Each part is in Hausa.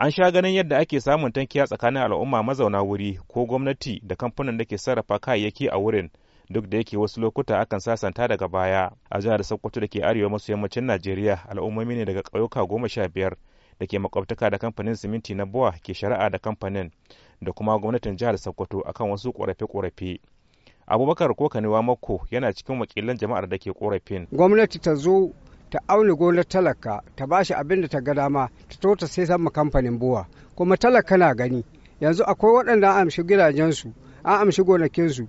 an sha ganin yadda ake samun tankiya tsakanin al'umma mazauna wuri ko gwamnati da kamfanin da ke sarrafa kayayyaki a wurin duk da yake wasu lokuta akan sasanta daga baya a jihar sokoto da ke arewa maso yammacin najeriya al'ummomi ne daga ƙauyuka goma sha biyar da ke makwabtaka da kamfanin siminti na buwa ke shari'a da kamfanin da kuma gwamnatin jihar sokoto akan wasu ƙorafe-ƙorafe abubakar ko kanewa mako yana cikin wakilan jama'ar da ke ƙorafin. gwamnati ta zo ta auna gonar talaka ta ba shi abin da ta ga dama ta to ta sai sama kamfanin buwa kuma talaka na gani yanzu akwai waɗanda an amshi gidajensu an amshi gonakinsu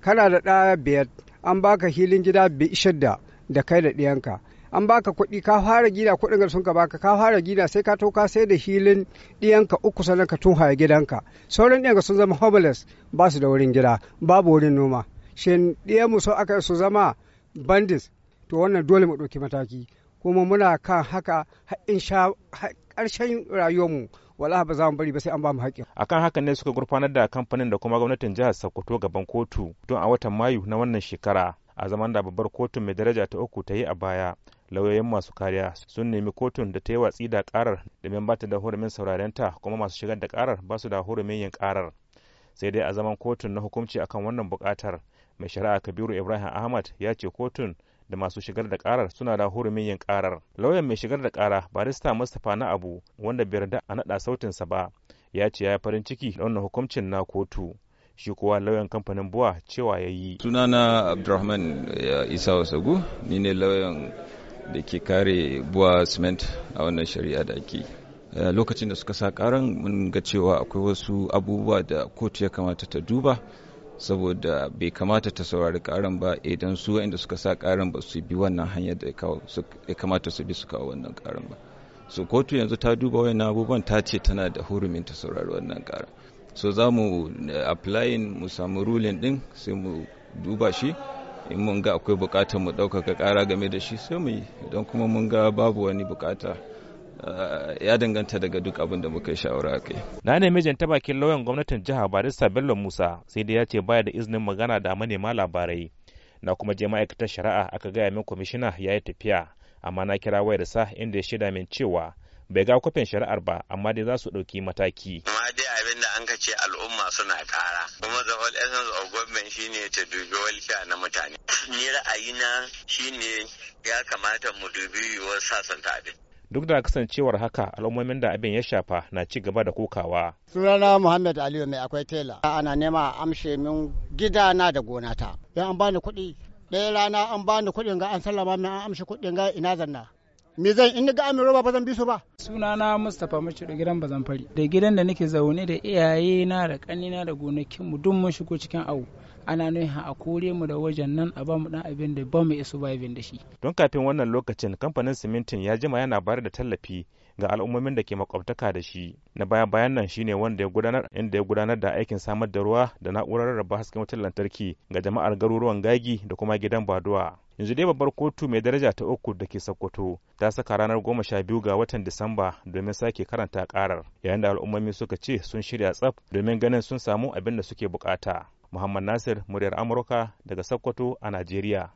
kana da ɗaya biyar an baka hilin gida bi shidda da kai da ɗiyanka an baka kuɗi ka fara gida kuɗin da sun ka baka ka fara gida sai ka to ka sai da hilin ɗiyanka uku sannan ka tunhaya gidanka sauran ɗiyanka sun zama homeless ba su da wurin gida babu wurin noma shin ɗiyanmu sau aka su zama bandits to wannan dole mu ɗauki mataki kuma muna kan haka sha ƙarshen rayuwarmu wala ba za mu bari ba sai an ba mu haƙƙi akan haka ne suka gurfanar da kamfanin da kuma gwamnatin jihar Sokoto gaban kotu don a watan Mayu na wannan shekara a zaman da babbar kotun mai daraja ta uku ta yi a baya lauyoyin masu kariya sun nemi kotun da ta yi watsi da karar da min bata da hurumin sauraren ta kuma masu shigar da karar ba su da hurumin yin karar sai dai a zaman kotun na hukunci akan wannan bukatar mai shari'a kabiru ibrahim ahmad ya ce kotun da masu shigar da karar suna da hurumin yin karar lauyan mai shigar da kara barista mustapha na abu wanda bai yarda a naɗa sautinsa ba ya ce ya farin ciki da wannan hukuncin na kotu shi kuwa lauyan kamfanin buwa cewa ya yi sunana abdurrahman isa wasagu ni ne lauyan da ke kare buwa cement a wannan shari'a da ake lokacin da suka sa karan mun ga cewa akwai wasu abubuwa da kotu ya kamata ta duba saboda bai kamata ta saurari karin ba idan su inda suka sa karin ba su bi wannan hanyar da ya kamata su bi su kawo wannan karin ba so kotu yanzu ta duba wani abubuwan ta ce tana da hurumin ta saurari wannan karin so za mu eh, applying mu samu ruling din sai mu duba shi in mun ga akwai bukatar mu ɗaukaka kara game da shi sai mu yi idan kuma mun ga babu wani bukata ya danganta daga duk abin da muka yi shawara a kai. Na nemi mijin ta bakin lauyan gwamnatin jiha Barista Bello Musa sai dai ya ce baya da izinin magana da manema labarai. Na kuma je ma'aikatar shari'a aka gaya min kwamishina ya yi tafiya amma na kira wayar sa inda ya shaida min cewa bai ga kwafin shari'ar ba amma dai za su ɗauki mataki. Amma dai abin da an ka ce al'umma suna kara kuma the whole essence of government shine ta dubi walfiya na mutane. Ni ra'ayina shine ya kamata mu dubi yiwuwar sasanta abin. duk da kasancewar haka al'ummomin da abin ya shafa na ci gaba da kokawa. sunana muhammad aliyu mai akwai tela ana nema amshe min gida na da gonata ya an bani kuɗi ɗaya rana an bani kuɗin ga an sallama min an amshi kuɗin ga ina zanna me zan in ga amin roba ba zan bi su ba sunana mustapha mace da gidan bazan fari da gidan da nake zaune da iyaye na da kanina da gonakin mu duk mun shigo cikin awu ana nuna a kore mu da wajen nan a bamu dan abin da bamu mu surviving da shi don kafin wannan lokacin kamfanin simintin ya jima yana bayar da tallafi ga al'ummomin da ke makwabtaka da shi na baya bayan nan shine wanda ya gudanar inda ya gudanar da aikin samar da ruwa da na'urar raba hasken wutar lantarki ga jama'ar garuruwan gagi da kuma gidan baduwa yanzu dai babbar kotu mai daraja ta uku da ke sokoto ta saka ranar goma sha biyu ga watan disamba domin sake karanta karar yayin da al'ummomi suka ce sun shirya tsaf domin ganin sun samu abin da suke bukata muhammad nasir muryar amurka daga sokoto a najeriya